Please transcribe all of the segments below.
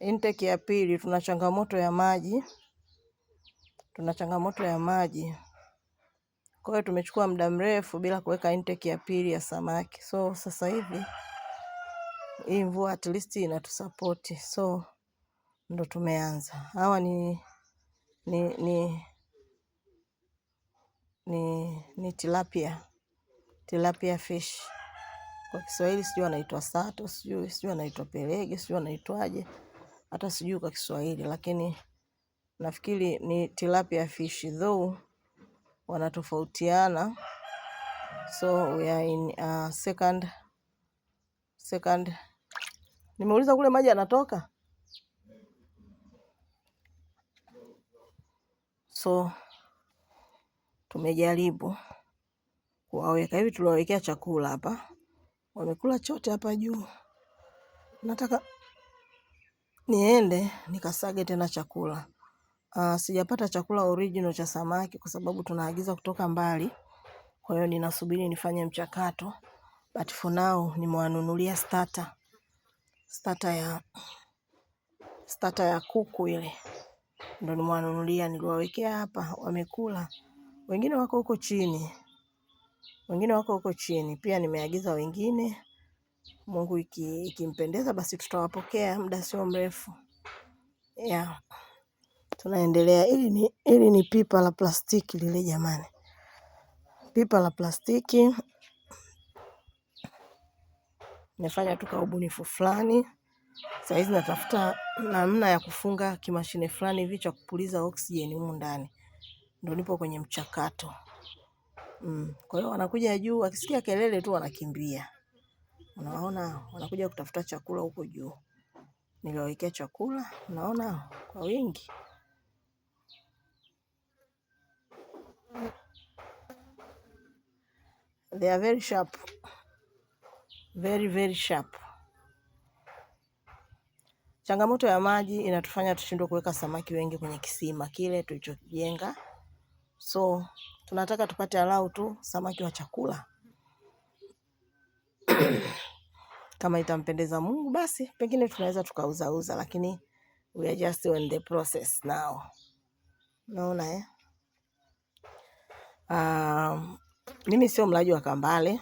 Intake ya pili, tuna changamoto ya maji, tuna changamoto ya maji. Kwa hiyo tumechukua muda mrefu bila kuweka intake ya pili ya samaki, so sasa hivi hii mvua at least inatusapoti, so ndo tumeanza. Hawa ni ni ni ni, ni tilapia tilapia fish kwa Kiswahili sijui anaitwa sato, sijui sijui anaitwa pelege, sijui anaitwaje hata sijui kwa Kiswahili, lakini nafikiri ni tilapia fish, though wanatofautiana. So we are in uh, second second. Nimeuliza kule maji yanatoka, so tumejaribu kuwaweka hivi, tuliwawekea chakula hapa, wamekula chote hapa juu. Nataka Niende, nikasage tena chakula. Ah, sijapata chakula original cha samaki kwa sababu tunaagiza kutoka mbali. Kwa hiyo ninasubiri nifanye mchakato. But for now, nimewanunulia starter. Starter ya kuku ile. Ndo nimewanunulia, niliwawekea hapa, wamekula. Wengine wako huko chini. Wengine wako huko chini. Pia nimeagiza wengine. Mungu ikimpendeza iki basi tutawapokea muda sio mrefu ya Tunaendelea. Hili ni, hili ni pipa la plastiki lile jamani, pipa la plastiki nimefanya tu ubunifu fulani. Sahizi natafuta namna ya kufunga kimashine fulani hivi cha kupuliza oksijeni humu ndani, ndo nipo kwenye mchakato mm. Kwa hiyo wanakuja juu, wakisikia kelele tu wanakimbia. Unaona wanakuja kutafuta chakula huko juu. Niliwawekea chakula, unaona kwa wingi. They are very sharp. Very, very sharp. Changamoto ya maji inatufanya tushindwe kuweka samaki wengi kwenye kisima kile tulichojenga, so tunataka tupate alau tu samaki wa chakula kama itampendeza Mungu basi pengine tunaweza tukauzauza, lakini we are just in the process now. Naona eh? Um, mimi sio mlaji wa kambale.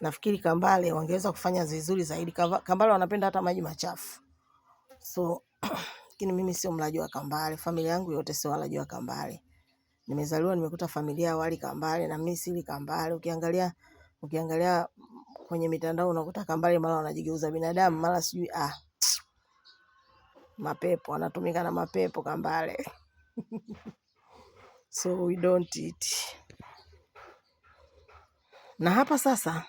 Nafikiri kambale wangeweza kufanya vizuri zaidi. Kambale wanapenda hata maji machafu, so lakini mimi sio mlaji wa kambale. Familia yangu yote sio walaji wa kambale. Nimezaliwa nimekuta familia wali kambale na mimi sili kambale. Ukiangalia ukiangalia kwenye mitandao unakuta kambale mara wanajigeuza binadamu, mara sijui ah, mapepo anatumika na mapepo kambale so we don't eat. Na hapa sasa,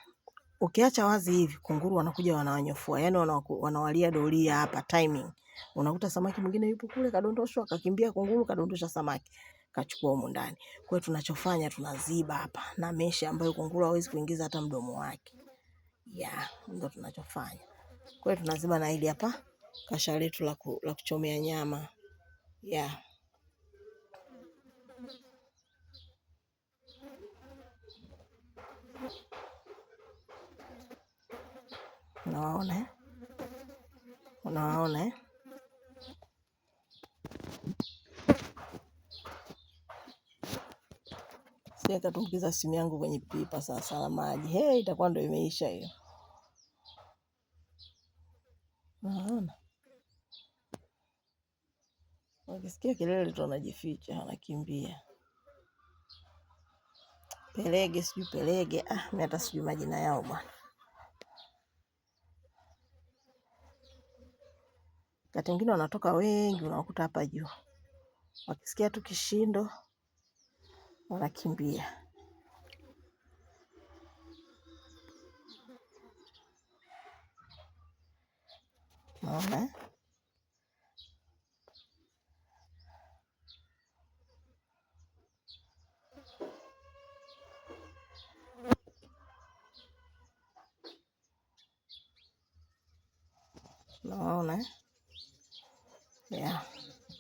ukiacha wazi hivi, kunguru wanakuja wanawanyofua, yani wanawalia doria hapa timing. Unakuta samaki mwingine yupo kule kadondoshwa, kakimbia kunguru kadondosha samaki kachukua humu ndani. Kwa hiyo tunachofanya tunaziba hapa na mesha ambayo kunguru hawezi kuingiza hata mdomo wake. Yeah, ndo tunachofanya. Kwa hiyo tunaziba na hili hapa kasha letu la kuchomea nyama. Yeah. Unawaona eh? Unawaona eh? Siweka tumkiza simu yangu kwenye pipa sasa la maji. Hey, itakuwa ndo imeisha hiyo. Unaona, wakisikia kelele tu anajificha, anakimbia. Pelege sijui pelege, ah, mi hata sijui majina yao bwana. kati wengine wanatoka wengi, unawakuta hapa juu, wakisikia tu kishindo wanakimbia. Böyle. Böyle. yeah